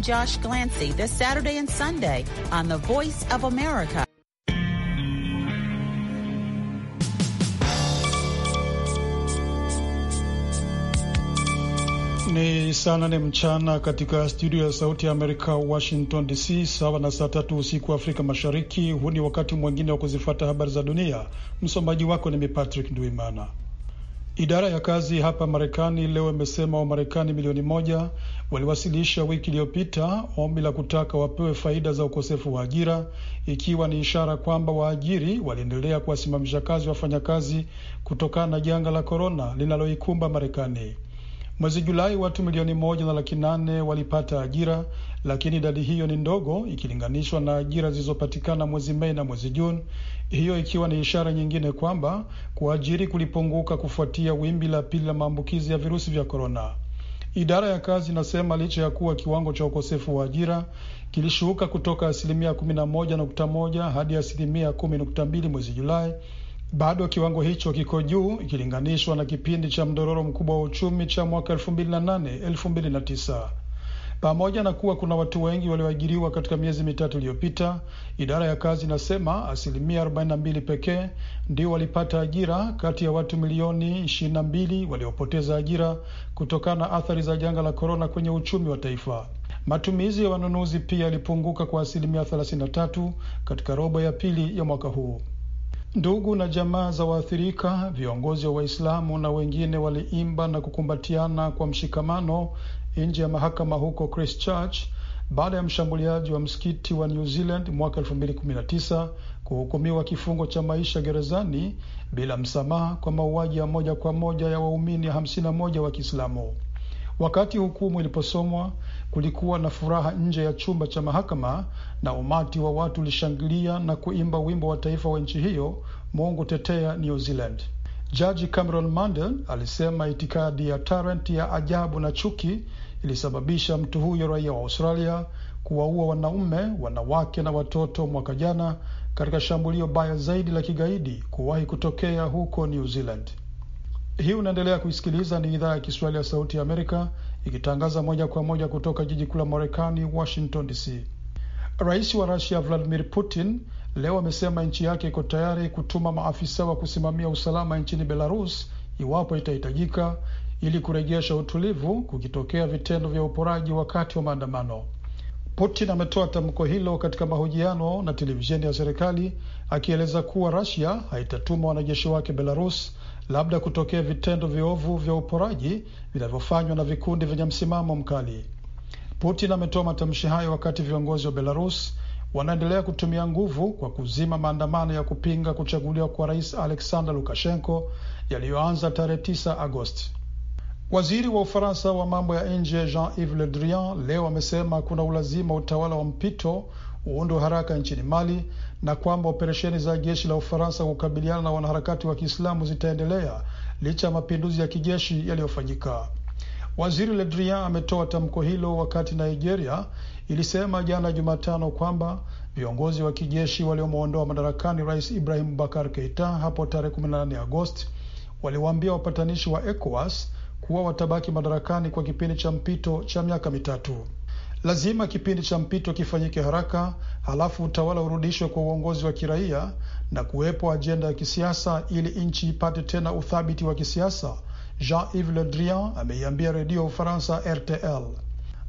and Josh Glancy this Saturday and Sunday on The Voice of America. Ni saa nane mchana katika studio ya Sauti ya Amerika, Washington DC, sawa na saa tatu usiku wa Afrika Mashariki. Huu ni wakati mwingine wa kuzifata habari za dunia. Msomaji wako ni mi Patrick Nduimana. Idara ya kazi hapa Marekani leo imesema Wamarekani milioni moja waliwasilisha wiki iliyopita ombi la kutaka wapewe faida za ukosefu wa ajira, ikiwa ni ishara kwamba waajiri waliendelea kuwasimamisha kazi wafanyakazi kutokana na janga la korona linaloikumba Marekani. Mwezi Julai watu milioni moja na laki nane walipata ajira lakini idadi hiyo ni ndogo ikilinganishwa na ajira zilizopatikana mwezi Mei na mwezi Juni, hiyo ikiwa ni ishara nyingine kwamba kuajiri kulipunguka kufuatia wimbi la pili la maambukizi ya virusi vya korona. Idara ya kazi inasema licha ya kuwa kiwango cha ukosefu wa ajira kilishuka kutoka asilimia 11.1 hadi asilimia kumi mwezi Julai, bado kiwango hicho kiko juu ikilinganishwa na kipindi cha mdororo mkubwa wa uchumi cha mwaka pamoja na kuwa kuna watu wengi walioajiriwa katika miezi mitatu iliyopita, idara ya kazi inasema asilimia 42 pekee ndio walipata ajira kati ya watu milioni 22 waliopoteza ajira kutokana na athari za janga la korona kwenye uchumi wa taifa. Matumizi ya wanunuzi pia yalipunguka kwa asilimia 33 katika robo ya pili ya mwaka huu. Ndugu na jamaa za waathirika, viongozi wa Waislamu na wengine waliimba na kukumbatiana kwa mshikamano nje ya mahakama huko Christchurch baada ya mshambuliaji wa msikiti wa New Zealand mwaka 2019 kuhukumiwa kifungo cha maisha gerezani bila msamaha kwa mauaji ya moja kwa moja ya waumini 51 wa Kiislamu. Wakati hukumu iliposomwa, kulikuwa na furaha nje ya chumba cha mahakama na umati wa watu ulishangilia na kuimba wimbo wa taifa wa nchi hiyo, Mungu tetea New Zealand. Jaji Cameron Mandel alisema itikadi ya Tarrant ya ajabu na chuki ilisababisha mtu huyo raia wa Australia kuwaua wanaume, wanawake na watoto mwaka jana katika shambulio baya zaidi la kigaidi kuwahi kutokea huko New Zealand. Hii unaendelea kuisikiliza, ni idhaa ya Kiswahili ya Sauti ya Amerika ikitangaza moja kwa moja kutoka jiji kuu la Marekani, Washington DC. Rais wa Rusia Vladimir Putin leo amesema nchi yake iko tayari kutuma maafisa wa kusimamia usalama nchini Belarus iwapo itahitajika ili kurejesha utulivu kukitokea vitendo vya uporaji wakati wa maandamano. Putin ametoa tamko hilo katika mahojiano na televisheni ya serikali akieleza kuwa Russia haitatuma wanajeshi wake Belarus, labda kutokea vitendo viovu vya uporaji vinavyofanywa na vikundi vyenye msimamo mkali. Putin ametoa matamshi hayo wakati viongozi wa Belarus wanaendelea kutumia nguvu kwa kuzima maandamano ya kupinga kuchaguliwa kwa rais Alexander Lukashenko yaliyoanza tarehe 9 Agosti. Waziri wa Ufaransa wa mambo ya nje Jean-Yves Le Drian leo amesema kuna ulazima wa utawala wa mpito uundwe haraka nchini Mali na kwamba operesheni za jeshi la Ufaransa kukabiliana na wanaharakati wa Kiislamu zitaendelea licha ya mapinduzi ya kijeshi yaliyofanyika. Waziri Le Drian ametoa tamko hilo wakati Nigeria ilisema jana Jumatano kwamba viongozi wa kijeshi waliomwondoa madarakani Rais Ibrahim Bakar Keita hapo tarehe 18 Agosti waliwaambia wapatanishi wa ECOWAS kuwa watabaki madarakani kwa kipindi cha mpito cha miaka mitatu. Lazima kipindi cha mpito kifanyike haraka, halafu utawala urudishwe kwa uongozi wa kiraia na kuwepo ajenda ya kisiasa ili nchi ipate tena uthabiti wa kisiasa, Jean Yves Le Drian ameiambia redio ya Ufaransa RTL.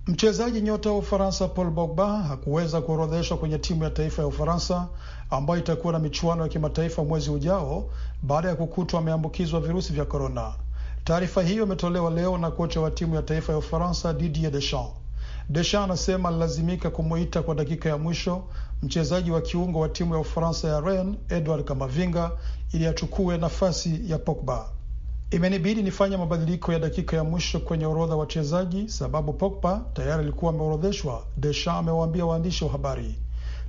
Mchezaji nyota wa Ufaransa Paul Pogba hakuweza kuorodheshwa kwenye timu ya taifa ya Ufaransa ambayo itakuwa na michuano ya kimataifa mwezi ujao baada ya kukutwa ameambukizwa virusi vya korona. Taarifa hiyo imetolewa leo na kocha wa timu ya taifa ya Ufaransa Didier Deschamps. Deschamps anasema alilazimika kumuita kwa dakika ya mwisho mchezaji wa kiungo wa timu ya Ufaransa ya Rennes Edward Kamavinga ili achukue nafasi ya Pogba. Imenibidi nifanye mabadiliko ya dakika ya mwisho kwenye orodha wachezaji, sababu Pogba tayari alikuwa ameorodheshwa, Deschamps amewaambia waandishi wa habari.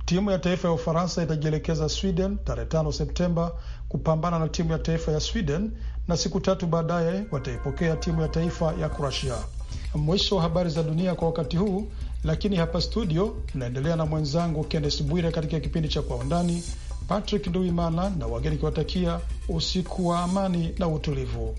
Timu ya taifa ya Ufaransa itajielekeza Sweden tarehe 5 Septemba kupambana na timu ya taifa ya Sweden, na siku tatu baadaye wataipokea timu ya taifa ya Kroatia. Mwisho wa habari za dunia kwa wakati huu, lakini hapa studio tunaendelea na mwenzangu Kennes Bwire katika kipindi cha Kwa Undani. Patrick Nduimana na wageni kiwatakia usiku wa amani na utulivu.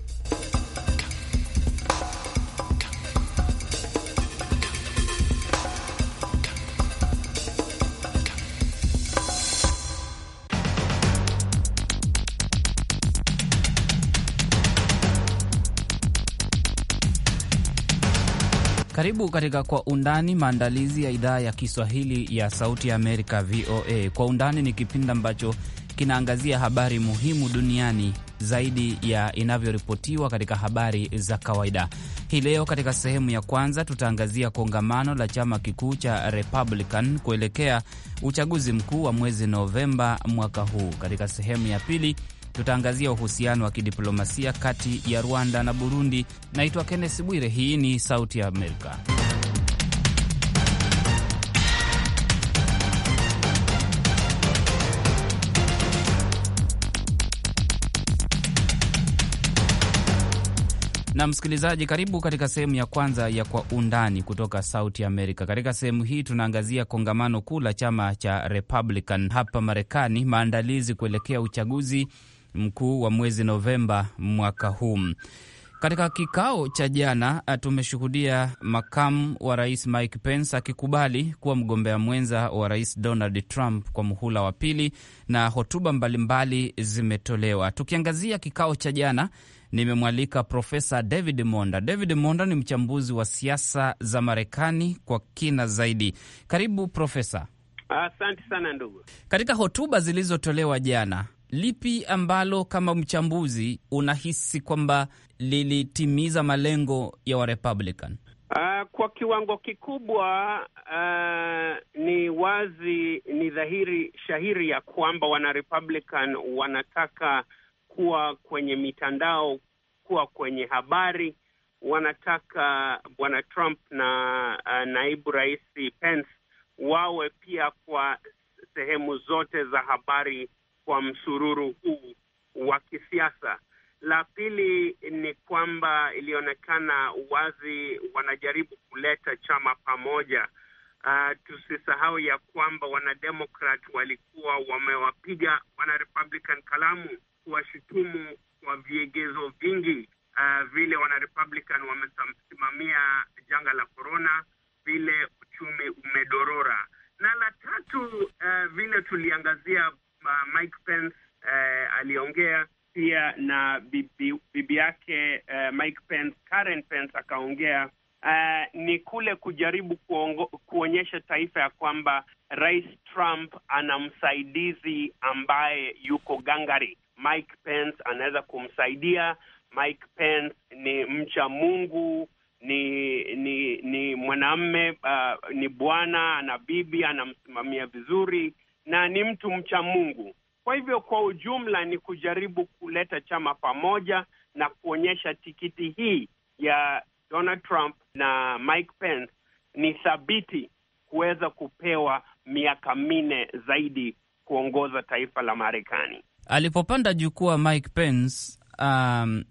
Karibu katika Kwa Undani, maandalizi ya idhaa ya Kiswahili ya Sauti ya Amerika, VOA. Kwa Undani ni kipindi ambacho kinaangazia habari muhimu duniani zaidi ya inavyoripotiwa katika habari za kawaida. Hii leo katika sehemu ya kwanza tutaangazia kongamano la chama kikuu cha Republican kuelekea uchaguzi mkuu wa mwezi Novemba mwaka huu. Katika sehemu ya pili Tutaangazia uhusiano wa kidiplomasia kati ya Rwanda na Burundi. Naitwa kennes Bwire, hii ni Sauti ya Amerika. na msikilizaji, karibu katika sehemu ya kwanza ya Kwa Undani kutoka Sauti Amerika. Katika sehemu hii tunaangazia kongamano kuu la chama cha Republican hapa Marekani, maandalizi kuelekea uchaguzi mkuu wa mwezi Novemba mwaka huu. Katika kikao cha jana eh, tumeshuhudia makamu wa rais Mike Pence akikubali kuwa mgombea mwenza wa rais Donald Trump kwa muhula wa pili na hotuba mbalimbali zimetolewa. Tukiangazia kikao cha jana, nimemwalika Profesa David Monda. David Monda ni mchambuzi wa siasa za Marekani kwa kina zaidi. Karibu Profesa. Asante sana ndugu. Katika hotuba zilizotolewa jana, lipi ambalo kama mchambuzi unahisi kwamba lilitimiza malengo ya Warepublican? Uh, kwa kiwango kikubwa uh, ni wazi, ni dhahiri shahiri ya kwamba Wanarepublican wanataka kuwa kwenye mitandao, kuwa kwenye habari. Wanataka bwana Trump na uh, naibu rais Pence wawe pia kwa sehemu zote za habari kwa msururu huu wa kisiasa. La pili ni kwamba ilionekana wazi wanajaribu kuleta chama pamoja. Uh, tusisahau ya kwamba wanademokrat walikuwa wamewapiga wanarepublican kalamu, kuwashutumu kwa viegezo vingi, uh, vile wanarepublican wamesimamia janga la korona, vile uchumi umedorora, na la tatu, uh, vile tuliangazia Eh, Mike Pence, Karen Pence akaongea uh, ni kule kujaribu kuongo, kuonyesha taifa ya kwamba Rais Trump ana msaidizi ambaye yuko gangari. Mike Pence anaweza kumsaidia. Mike Pence ni mcha Mungu, ni ni ni mwanamme uh, ni bwana, ana bibi, anamsimamia vizuri na ni mtu mcha Mungu. Kwa hivyo kwa ujumla ni kujaribu kuleta chama pamoja na kuonyesha tikiti hii ya Donald Trump na Mike Pence ni thabiti kuweza kupewa miaka minne zaidi kuongoza taifa la Marekani. Alipopanda jukwaa Mike Pence, um,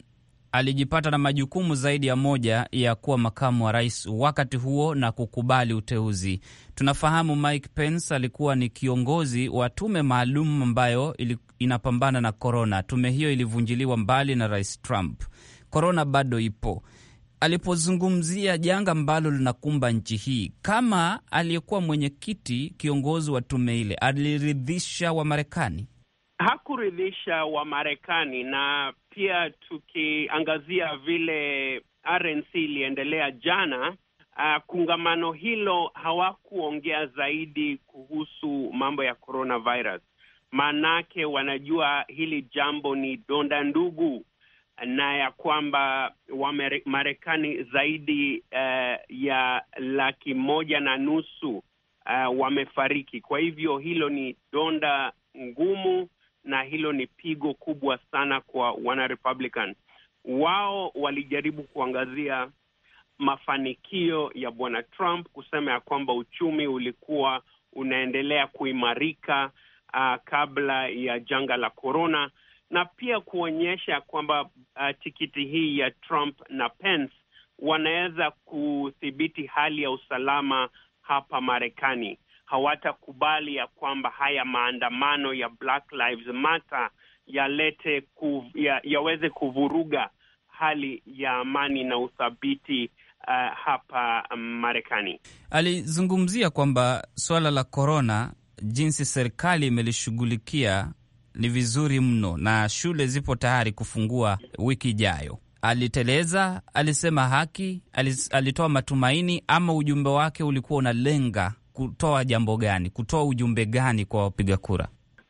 alijipata na majukumu zaidi ya moja ya kuwa makamu wa rais wakati huo na kukubali uteuzi. Tunafahamu Mike Pence alikuwa ni kiongozi wa tume maalum ambayo inapambana na korona. Tume hiyo ilivunjiliwa mbali na Rais Trump. Korona bado ipo. Alipozungumzia janga ambalo linakumba nchi hii, kama aliyekuwa mwenyekiti, kiongozi wa tume ile, aliridhisha Wamarekani? Hakuridhisha Wamarekani na pia tukiangazia vile RNC iliendelea jana Uh, kungamano hilo hawakuongea zaidi kuhusu mambo ya coronavirus, maanake wanajua hili jambo ni donda ndugu, na ya kwamba Wamarekani zaidi uh, ya laki moja na nusu uh, wamefariki. Kwa hivyo hilo ni donda ngumu na hilo ni pigo kubwa sana kwa wana Republican. Wao walijaribu kuangazia mafanikio ya bwana Trump kusema ya kwamba uchumi ulikuwa unaendelea kuimarika uh, kabla ya janga la korona, na pia kuonyesha kwamba uh, tikiti hii ya Trump na Pence wanaweza kudhibiti hali ya usalama hapa Marekani hawatakubali ya kwamba haya maandamano ya Black Lives Matter yalete ku, ya, yaweze kuvuruga hali ya amani na uthabiti uh, hapa Marekani. Alizungumzia kwamba suala la korona, jinsi serikali imelishughulikia ni vizuri mno, na shule zipo tayari kufungua wiki ijayo. Aliteleza, alisema haki, alitoa matumaini, ama ujumbe wake ulikuwa unalenga kutoa jambo gani, kutoa ujumbe gani kwa wapiga kura?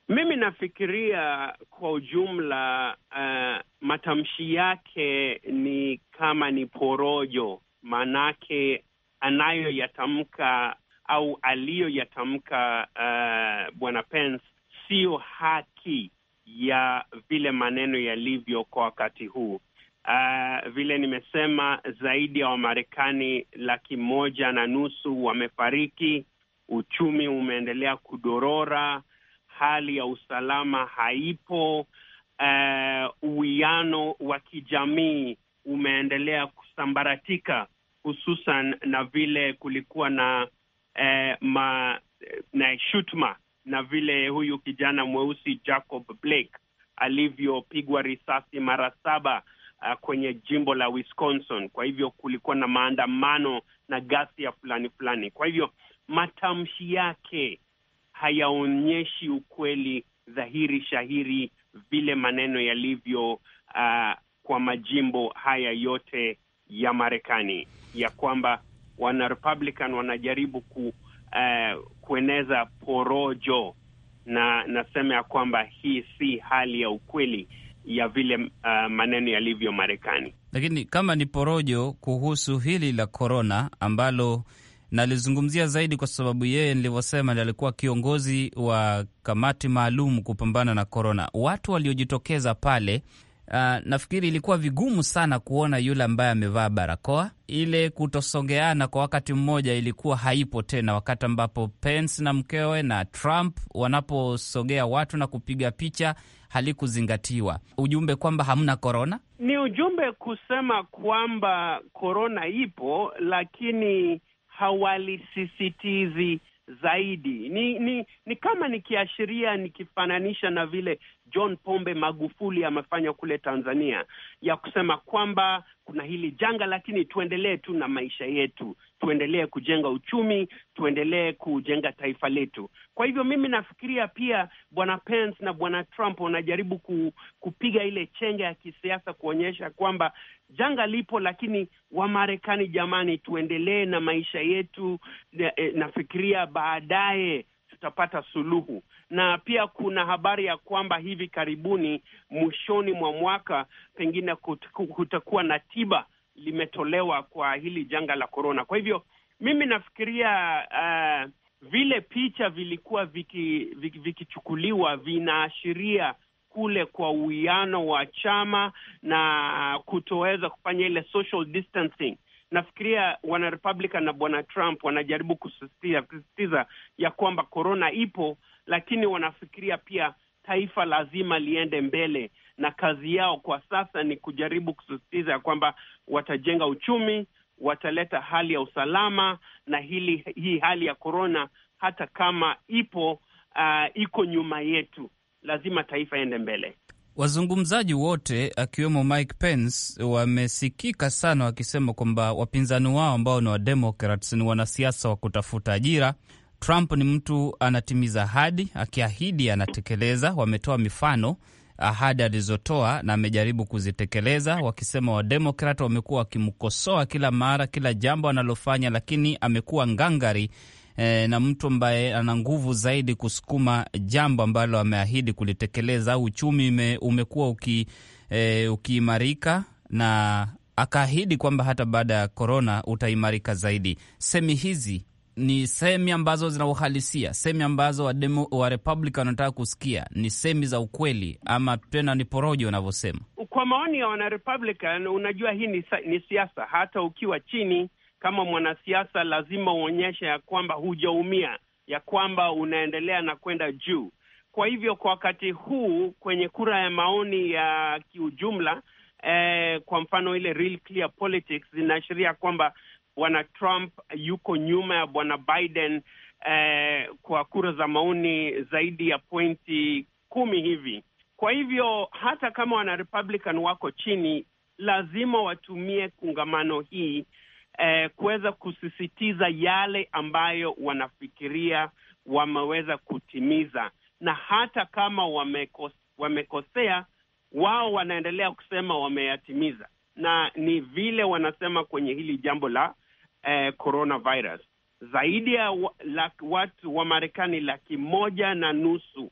Mimi nafikiria kwa ujumla, uh, matamshi yake ni kama ni porojo, maanake anayoyatamka au aliyoyatamka uh, bwana Pence siyo haki ya vile maneno yalivyo kwa wakati huu. Uh, vile nimesema, zaidi ya Wamarekani laki moja na nusu wamefariki uchumi umeendelea kudorora, hali ya usalama haipo, eh, uwiano wa kijamii umeendelea kusambaratika, hususan na vile kulikuwa na uh, ma, na shutuma na vile huyu kijana mweusi Jacob Blake alivyopigwa risasi mara saba uh, kwenye jimbo la Wisconsin. Kwa hivyo kulikuwa na maandamano na ghasia fulani fulani. Kwa hivyo matamshi yake hayaonyeshi ukweli dhahiri shahiri vile maneno yalivyo, uh, kwa majimbo haya yote ya Marekani ya kwamba wana Republican wanajaribu ku, uh, kueneza porojo na nasema ya kwamba hii si hali ya ukweli ya vile uh, maneno yalivyo Marekani. Lakini kama ni porojo kuhusu hili la korona ambalo nalizungumzia zaidi kwa sababu yeye, nilivyosema, alikuwa kiongozi wa kamati maalum kupambana na korona. Watu waliojitokeza pale Uh, nafikiri ilikuwa vigumu sana kuona yule ambaye amevaa barakoa. Ile kutosongeana kwa wakati mmoja ilikuwa haipo tena, wakati ambapo Pence na mkewe na Trump wanaposogea watu na kupiga picha halikuzingatiwa. Ujumbe kwamba hamna korona ni ujumbe kusema kwamba korona ipo, lakini hawalisisitizi zaidi. Ni, ni, ni kama nikiashiria nikifananisha na vile John Pombe Magufuli amefanya kule Tanzania ya kusema kwamba kuna hili janga, lakini tuendelee tu na maisha yetu, tuendelee kujenga uchumi, tuendelee kujenga taifa letu. Kwa hivyo mimi nafikiria pia bwana Pence na bwana Trump wanajaribu ku, kupiga ile chenge ya kisiasa kuonyesha kwamba janga lipo, lakini Wamarekani jamani, tuendelee na maisha yetu. Eh, nafikiria baadaye tutapata suluhu na pia kuna habari ya kwamba hivi karibuni, mwishoni mwa mwaka, pengine kutakuwa na tiba limetolewa kwa hili janga la korona. Kwa hivyo mimi nafikiria uh, vile picha vilikuwa vikichukuliwa viki, viki vinaashiria kule kwa uwiano wa chama na kutoweza kufanya ile social distancing. Nafikiria wana Republican na bwana Trump wanajaribu kusisitiza ya kwamba korona ipo lakini wanafikiria pia taifa lazima liende mbele, na kazi yao kwa sasa ni kujaribu kusisitiza ya kwamba watajenga uchumi, wataleta hali ya usalama, na hili hii hali ya korona hata kama ipo uh, iko nyuma yetu, lazima taifa iende mbele. Wazungumzaji wote akiwemo Mike Pence wamesikika sana wakisema kwamba wapinzani wao ambao ni Wademokrats ni wanasiasa wa kutafuta ajira Trump ni mtu anatimiza ahadi, akiahidi anatekeleza. Wametoa mifano ah, ahadi alizotoa na amejaribu kuzitekeleza, wakisema Wademokrat wamekuwa wakimkosoa kila mara, kila jambo analofanya, lakini amekuwa ngangari e, na mtu ambaye ana nguvu zaidi kusukuma jambo ambalo ameahidi kulitekeleza. Uchumi umekuwa uki, e, ukiimarika na akaahidi kwamba hata baada ya korona utaimarika zaidi. Semi hizi ni semi ambazo zina uhalisia, semi ambazo wa, wa Republican wanataka kusikia, ni semi za ukweli ama tena ni porojo wanavyosema. Kwa maoni ya wana Republican, unajua hii ni, ni siasa. Hata ukiwa chini kama mwanasiasa, lazima uonyeshe ya kwamba hujaumia, ya kwamba unaendelea na kwenda juu. Kwa hivyo kwa wakati huu kwenye kura ya maoni ya kiujumla, eh, kwa mfano ile Real Clear Politics kwamba bwana Trump yuko nyuma ya bwana Biden eh, kwa kura za maoni zaidi ya pointi kumi hivi. Kwa hivyo hata kama wana Republican wako chini, lazima watumie kungamano hii eh, kuweza kusisitiza yale ambayo wanafikiria wameweza kutimiza, na hata kama wamekosea wao wanaendelea kusema wameyatimiza, na ni vile wanasema kwenye hili jambo la eh, coronavirus. Zaidi ya wa, la, watu wa Marekani laki moja na nusu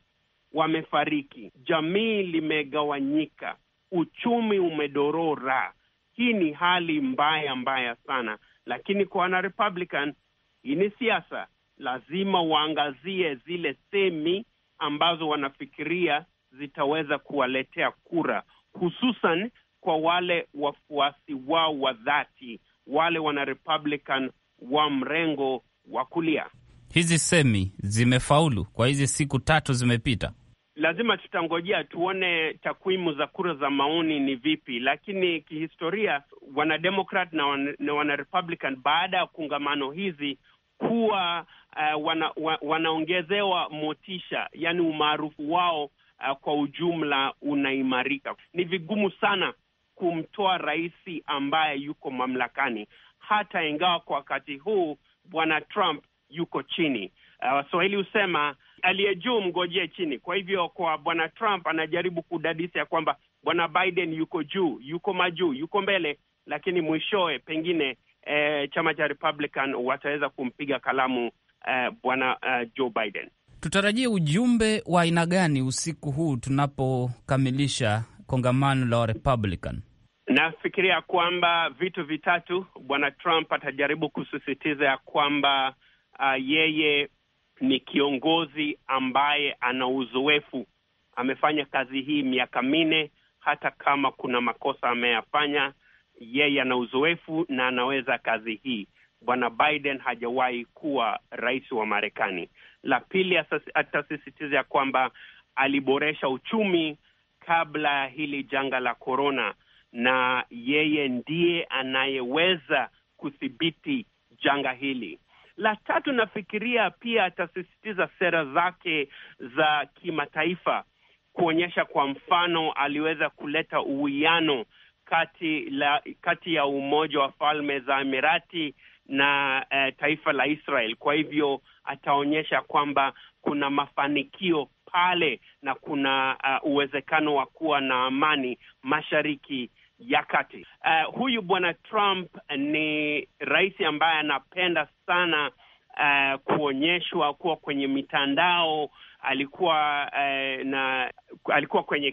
wamefariki, jamii limegawanyika, uchumi umedorora. Hii ni hali mbaya mbaya sana, lakini kwa wana Republican hii ni siasa, lazima waangazie zile semi ambazo wanafikiria zitaweza kuwaletea kura, hususan kwa wale wafuasi wao wa dhati wale wana Republican wa mrengo wa kulia. Hizi semi zimefaulu kwa hizi siku tatu zimepita. Lazima tutangojea tuone takwimu za kura za maoni ni vipi, lakini kihistoria, wanademokrat na, wan, na wanarepublican baada ya kungamano hizi huwa uh, wana, wa, wanaongezewa motisha, yani umaarufu wao uh, kwa ujumla unaimarika. Ni vigumu sana kumtoa rais ambaye yuko mamlakani, hata ingawa kwa wakati huu bwana Trump yuko chini. Uh, Waswahili uh, husema aliye juu mgojee chini. Kwa hivyo, kwa bwana Trump anajaribu kudadisa ya kwamba bwana Biden yuko juu, yuko majuu, yuko mbele, lakini mwishowe pengine eh, chama cha Republican wataweza kumpiga kalamu eh, bwana eh, Joe Biden. Tutarajie ujumbe wa aina gani usiku huu tunapokamilisha kongamano la Republican? Nafikiria kwamba vitu vitatu bwana Trump atajaribu kusisitiza ya kwamba uh, yeye ni kiongozi ambaye ana uzoefu, amefanya kazi hii miaka minne. Hata kama kuna makosa ameyafanya, yeye ana uzoefu na anaweza kazi hii. Bwana Biden hajawahi kuwa rais wa Marekani. La pili, atasisitiza ya kwamba aliboresha uchumi kabla ya hili janga la korona na yeye ndiye anayeweza kudhibiti janga hili. La tatu, nafikiria pia atasisitiza sera zake za kimataifa kuonyesha kwa mfano aliweza kuleta uwiano kati la kati ya Umoja wa Falme za Emirati na eh, taifa la Israel. Kwa hivyo ataonyesha kwamba kuna mafanikio pale na kuna uh, uwezekano wa kuwa na amani mashariki ya kati. Uh, huyu bwana Trump ni rais ambaye anapenda sana uh, kuonyeshwa kuwa kwenye mitandao. Alikuwa uh, na alikuwa kwenye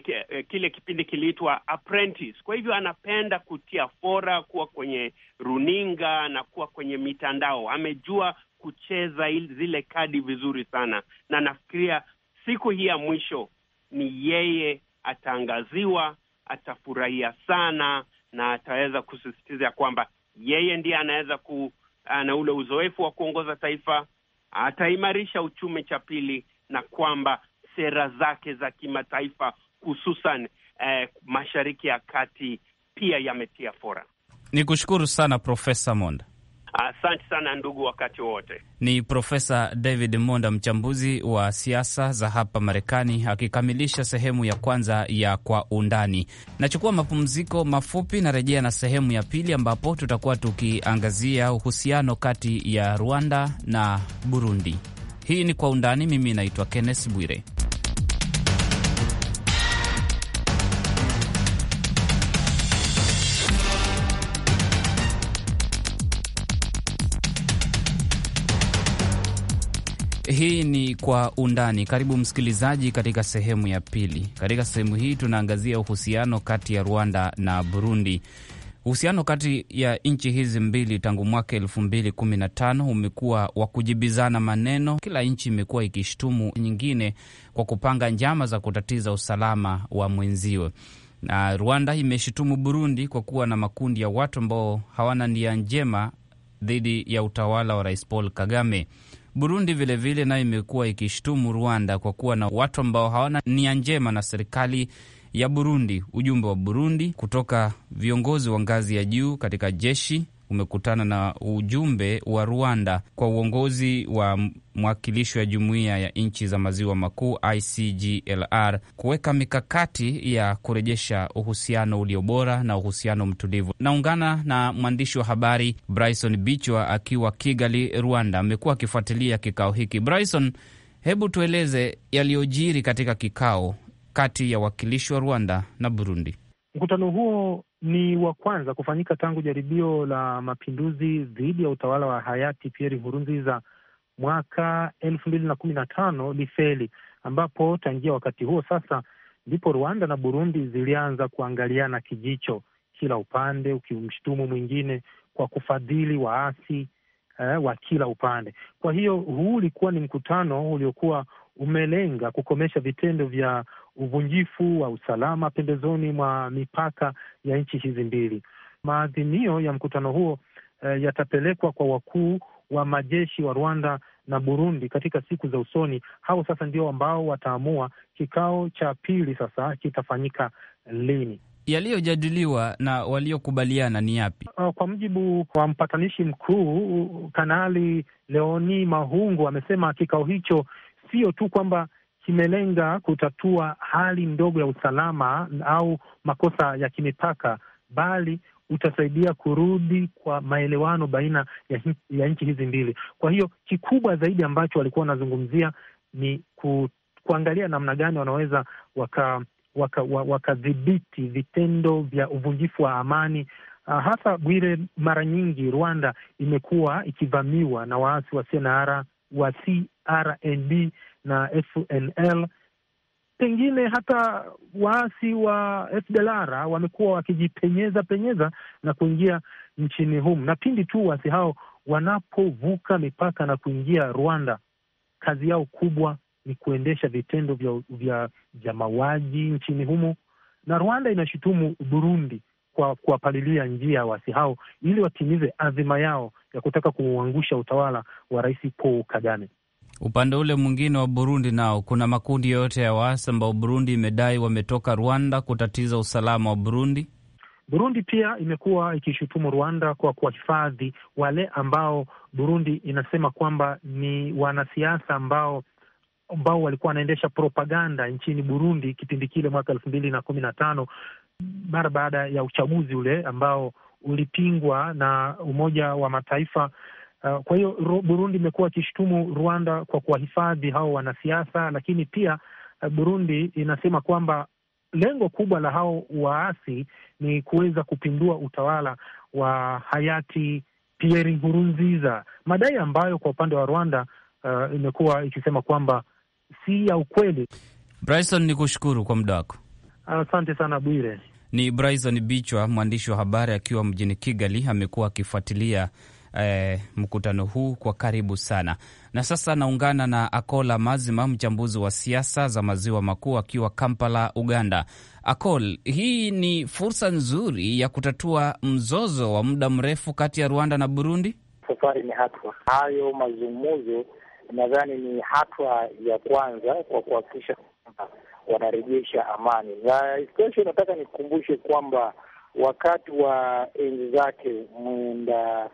kile kipindi kiliitwa Apprentice. Kwa hivyo anapenda kutia fora, kuwa kwenye runinga na kuwa kwenye mitandao. Amejua kucheza zile kadi vizuri sana, na nafikiria siku hii ya mwisho ni yeye ataangaziwa atafurahia sana na ataweza kusisitiza ya kwamba yeye ndiye anaweza ku ana ule uzoefu wa kuongoza taifa, ataimarisha uchumi cha pili, na kwamba sera zake za kimataifa hususan eh, Mashariki ya Kati pia yametia fora. Ni kushukuru sana Profesa Monda. Asante sana ndugu, wakati wote. Ni Profesa David Monda, mchambuzi wa siasa za hapa Marekani, akikamilisha sehemu ya kwanza ya Kwa Undani. Nachukua mapumziko mafupi, narejea na sehemu ya pili ambapo tutakuwa tukiangazia uhusiano kati ya Rwanda na Burundi. Hii ni Kwa Undani. Mimi naitwa Kenneth Bwire. Hii ni Kwa Undani. Karibu msikilizaji katika sehemu ya pili. Katika sehemu hii tunaangazia uhusiano kati ya Rwanda na Burundi. Uhusiano kati ya nchi hizi mbili tangu mwaka elfu mbili kumi na tano umekuwa wa kujibizana maneno. Kila nchi imekuwa ikishtumu nyingine kwa kupanga njama za kutatiza usalama wa mwenziwe, na Rwanda imeshutumu Burundi kwa kuwa na makundi ya watu ambao hawana nia njema dhidi ya utawala wa Rais Paul Kagame. Burundi vilevile nayo imekuwa ikishtumu Rwanda kwa kuwa na watu ambao hawana nia njema na serikali ya Burundi. Ujumbe wa Burundi kutoka viongozi wa ngazi ya juu katika jeshi umekutana na ujumbe wa Rwanda kwa uongozi wa mwakilishi wa jumuiya ya nchi za maziwa makuu ICGLR kuweka mikakati ya kurejesha uhusiano ulio bora na uhusiano mtulivu. Naungana na mwandishi wa habari Bryson Bichwa akiwa Kigali, Rwanda. Amekuwa akifuatilia kikao hiki. Bryson, hebu tueleze yaliyojiri katika kikao kati ya wakilishi wa Rwanda na Burundi. Mkutano huo ni wa kwanza kufanyika tangu jaribio la mapinduzi dhidi ya utawala wa hayati Pierre Nkurunziza mwaka elfu mbili na kumi na tano lifeli, ambapo tangia wakati huo sasa ndipo Rwanda na Burundi zilianza kuangaliana kijicho, kila upande ukimshtumu mwingine kwa kufadhili waasi eh, wa kila upande. Kwa hiyo huu ulikuwa ni mkutano uliokuwa umelenga kukomesha vitendo vya uvunjifu wa usalama pembezoni mwa mipaka ya nchi hizi mbili. Maadhimio ya mkutano huo eh, yatapelekwa kwa wakuu wa majeshi wa Rwanda na Burundi katika siku za usoni. Hao sasa ndio ambao wataamua kikao cha pili sasa kitafanyika lini. Yaliyojadiliwa na waliokubaliana ni yapi? Uh, kwa mujibu wa mpatanishi mkuu Kanali Leoni Mahungu, amesema kikao hicho sio tu kwamba kimelenga kutatua hali ndogo ya usalama au makosa ya kimipaka, bali utasaidia kurudi kwa maelewano baina ya, ya nchi hizi mbili. Kwa hiyo kikubwa zaidi ambacho walikuwa wanazungumzia ni ku, kuangalia namna gani wanaweza wakadhibiti waka, waka vitendo vya uvunjifu wa amani. Uh, hasa Bwire, mara nyingi Rwanda imekuwa ikivamiwa na waasi wa CNR wa CRNB na FNL. Pengine hata waasi wa FDLR wamekuwa wakijipenyeza penyeza na kuingia nchini humu, na pindi tu waasi hao wanapovuka mipaka na kuingia Rwanda, kazi yao kubwa ni kuendesha vitendo vya, vya, vya mauaji nchini humo, na Rwanda inashutumu Burundi kwa kuwapalilia njia ya waasi hao ili watimize azima yao ya kutaka kuuangusha utawala wa Rais Paul Kagame. Upande ule mwingine wa Burundi nao kuna makundi yoyote ya waasi ambao Burundi imedai wametoka Rwanda kutatiza usalama wa Burundi. Burundi pia imekuwa ikishutumu Rwanda kwa kuwahifadhi wale ambao Burundi inasema kwamba ni wanasiasa ambao ambao walikuwa wanaendesha propaganda nchini Burundi kipindi kile mwaka elfu mbili na kumi na tano mara baada ya uchaguzi ule ambao ulipingwa na Umoja wa Mataifa Uh, kwa hiyo Burundi imekuwa ikishutumu Rwanda kwa kuwahifadhi hao wanasiasa, lakini pia uh, Burundi inasema kwamba lengo kubwa la hao waasi ni kuweza kupindua utawala wa hayati Pierre Nkurunziza, madai ambayo kwa upande wa Rwanda uh, imekuwa ikisema kwamba si ya ukweli. Bryson, ni kushukuru kwa muda wako. Asante uh, sana Bwire. Ni Bryson Bichwa, mwandishi wa habari akiwa mjini Kigali, amekuwa akifuatilia eh, mkutano huu kwa karibu sana. Na sasa naungana na Akola Amazima, mchambuzi wa siasa za maziwa makuu, akiwa Kampala, Uganda. Akol, hii ni fursa nzuri ya kutatua mzozo wa muda mrefu kati ya Rwanda na Burundi. Safari ni hatua hayo mazungumzo, nadhani ni hatua ya kwanza kwa kuhakikisha kwamba wanarejesha amani, na isitoshe nataka nikukumbushe kwamba wakati wa enzi zake mwenda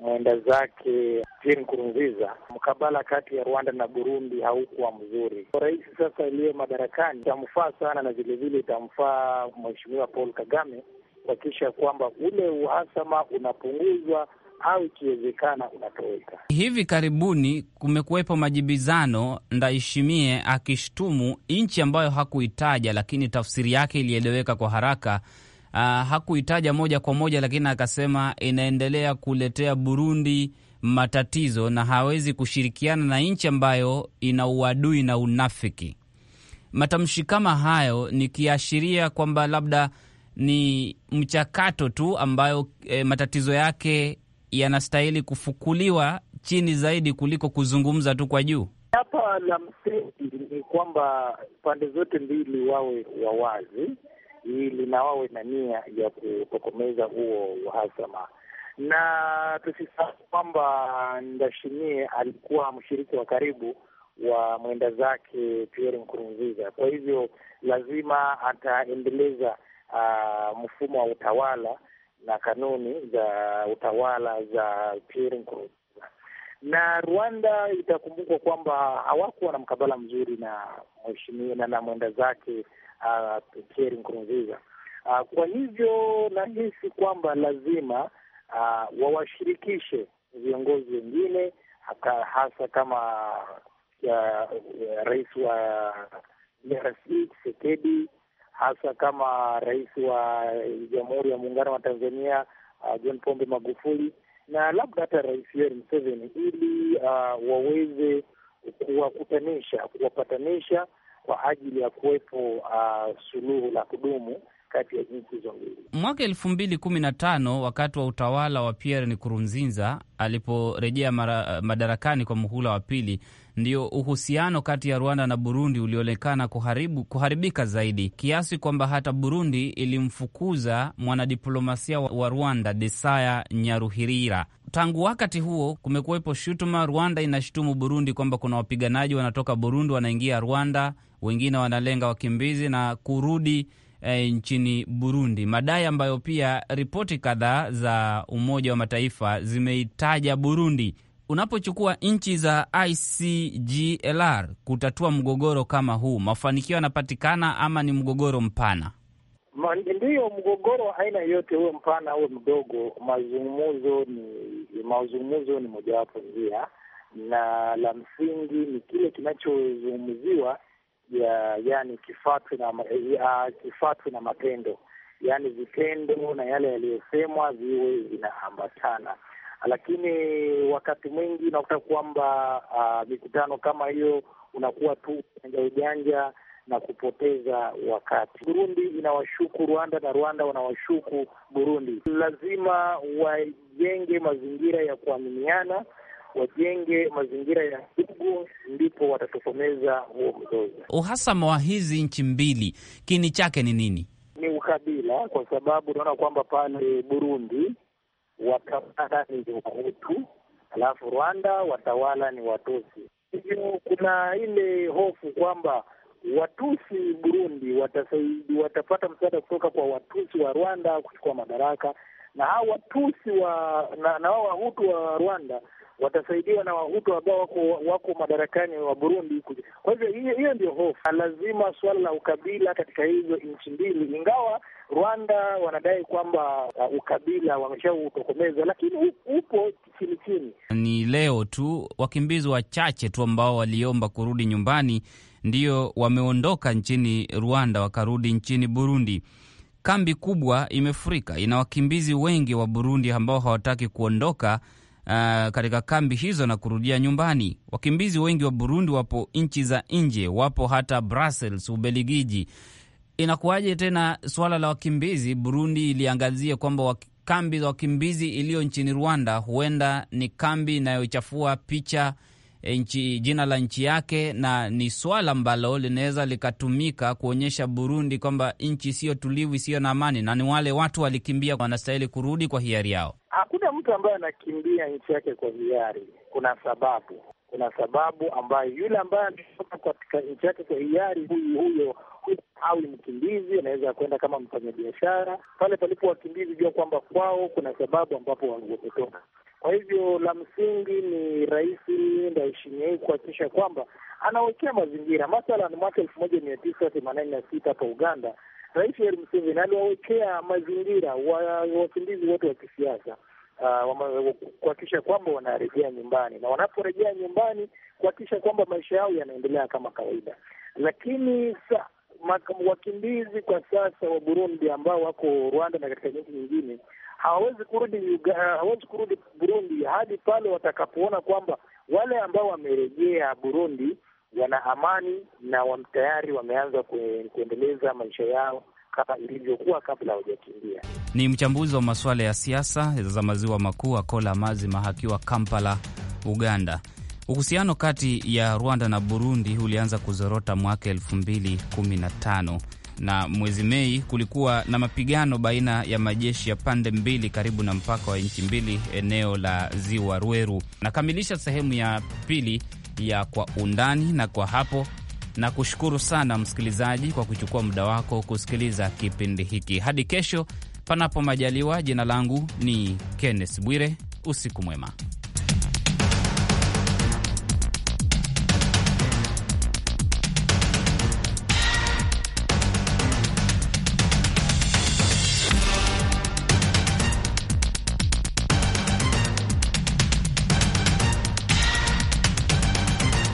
mwenda zake Pierre Nkurunziza, mkabala kati ya Rwanda na Burundi haukuwa mzuri. Rais sasa iliyo madarakani itamfaa sana na vilevile itamfaa Mheshimiwa Paul Kagame kuhakikisha kwamba ule uhasama unapunguzwa au ikiwezekana unatoweka. Hivi karibuni kumekuwepo majibizano, ndaishimie akishtumu nchi ambayo hakuitaja, lakini tafsiri yake ilieleweka kwa haraka Uh, hakuitaja moja kwa moja, lakini akasema inaendelea kuletea Burundi matatizo na hawezi kushirikiana na nchi ambayo ina uadui na unafiki. Matamshi kama hayo ni kiashiria kwamba labda ni mchakato tu ambayo e, matatizo yake yanastahili kufukuliwa chini zaidi kuliko kuzungumza tu kwa juu. Hapa la msingi ni kwamba pande zote mbili wawe wawazi ili na wawe na nia ya kutokomeza huo uhasama na tusisahau kwamba Ndashimie alikuwa mshiriki wa karibu wa mwenda zake Pierre Nkurunziza. Kwa hivyo lazima ataendeleza uh, mfumo wa utawala na kanuni za utawala za Pierre Nkurunziza. Na Rwanda itakumbukwa kwamba hawakuwa na mkabala mzuri na mheshimiwa na, na mwenda zake Pierre Nkurunziza. Ah, kwa hivyo nahisi kwamba lazima uh, wawashirikishe viongozi wengine hasa kama uh, rais wa DRC Tshisekedi, hasa kama rais wa Jamhuri ya Muungano wa Tanzania uh, John Pombe Magufuli na labda hata rais Yoweri Museveni ili uh, waweze kuwakutanisha, kuwapatanisha kwa ajili ya kuwepo uh, suluhu la kudumu kati ya nchi hizo mbili. Mwaka elfu mbili kumi na tano wakati wa utawala wa Pierre Nkurunziza aliporejea uh, madarakani kwa muhula wa pili, ndio uhusiano kati ya Rwanda na Burundi ulionekana kuharibu, kuharibika zaidi kiasi kwamba hata Burundi ilimfukuza mwanadiplomasia wa Rwanda Desaya Nyaruhirira. Tangu wakati huo kumekuwepo shutuma, Rwanda inashutumu Burundi kwamba kuna wapiganaji wanatoka Burundi wanaingia Rwanda wengine wanalenga wakimbizi na kurudi e, nchini Burundi, madai ambayo pia ripoti kadhaa za Umoja wa Mataifa zimeitaja Burundi. Unapochukua nchi za ICGLR kutatua mgogoro kama huu, mafanikio yanapatikana ama ni mgogoro mpana? Ndiyo, mgogoro wa aina yoyote, huwe mpana huwe mdogo, mazungumzo ni mazungumzo, ni mojawapo njia, na la msingi ni kile kinachozungumziwa ya yani kifatwe na, ya, kifatwe na matendo yani vitendo na yale yaliyosemwa viwe vinaambatana, lakini wakati mwingi unakuta kwamba uh, mikutano kama hiyo unakuwa tu ujanja ujanja na kupoteza wakati. Burundi inawashuku Rwanda na Rwanda wanawashuku Burundi. Lazima wajenge mazingira ya kuaminiana wajenge mazingira ya ndugu, ndipo watatokomeza huo mzozo. Uhasama wa hizi nchi mbili kini chake ni nini? Ni ukabila, kwa sababu unaona kwamba pale Burundi watawala ni Wahutu, alafu Rwanda watawala ni Watusi. Hivyo kuna ile hofu kwamba Watusi Burundi watapata msaada kutoka kwa Watusi wa Rwanda kuchukua madaraka, na hao watusi wa na, na hao wahutu wa Rwanda watasaidiwa na wahutu ambao wako wako madarakani wa Burundi. Kwa hivyo hiyo ndio hofu. Lazima suala la ukabila katika hizo nchi mbili, ingawa Rwanda wanadai kwamba uh, ukabila wameshautokomeza, lakini upo chini chini. Ni leo tu wakimbizi wachache tu ambao waliomba kurudi nyumbani ndio wameondoka nchini Rwanda wakarudi nchini Burundi kambi kubwa imefurika, ina wakimbizi wengi wa Burundi ambao hawataki kuondoka uh, katika kambi hizo na kurudia nyumbani. Wakimbizi wengi wa Burundi wapo nchi za nje, wapo hata Brussels, ubeligiji Inakuwaje tena suala la wakimbizi? Burundi iliangazie kwamba wak kambi za wakimbizi iliyo nchini Rwanda huenda ni kambi inayochafua picha E, nchi, jina la nchi yake, na ni swala ambalo linaweza likatumika kuonyesha Burundi kwamba nchi isiyo tulivu, isiyo na amani, na ni wale watu walikimbia wanastahili kurudi kwa hiari yao. Hakuna mtu ambaye anakimbia nchi yake kwa hiari. Kuna sababu, kuna sababu ambayo yule ambaye ametoka katika nchi yake kwa hiari, huyu huyo awi mkimbizi, anaweza kwenda kama mfanyabiashara. Pale palipo wakimbizi, jua kwamba kwao kuna sababu ambapo wametoka. Kwa hivyo la msingi ni Rais Ndayishimiye kuhakikisha kwamba anawekea mazingira. Mathalan, mwaka elfu moja mia tisa themanini na sita hapa Uganda, Rais Yoweri Museveni aliwawekea mazingira wakimbizi wote wa kisiasa uh, kuhakikisha kwamba wanarejea nyumbani na wanaporejea nyumbani kuhakikisha kwamba maisha yao yanaendelea kama kawaida. Lakini sa, wakimbizi kwa sasa wa Burundi ambao wako Rwanda na katika nchi nyingine hawawezi kurudi eh, hawawezi kurudi Burundi hadi pale watakapoona kwamba wale ambao wamerejea Burundi wana amani na tayari wameanza kuendeleza maisha yao kama ilivyokuwa kabla hawajakimbia. Ni mchambuzi wa masuala ya siasa za maziwa makuu Akola Mazima akiwa Kampala, Uganda. Uhusiano kati ya Rwanda na Burundi ulianza kuzorota mwaka elfu mbili kumi na tano na mwezi Mei kulikuwa na mapigano baina ya majeshi ya pande mbili karibu na mpaka wa nchi mbili eneo la ziwa Rweru. Nakamilisha sehemu ya pili ya Kwa Undani, na kwa hapo na kushukuru sana msikilizaji kwa kuchukua muda wako kusikiliza kipindi hiki. Hadi kesho, panapo majaliwa. Jina langu ni Kenneth Bwire. Usiku mwema.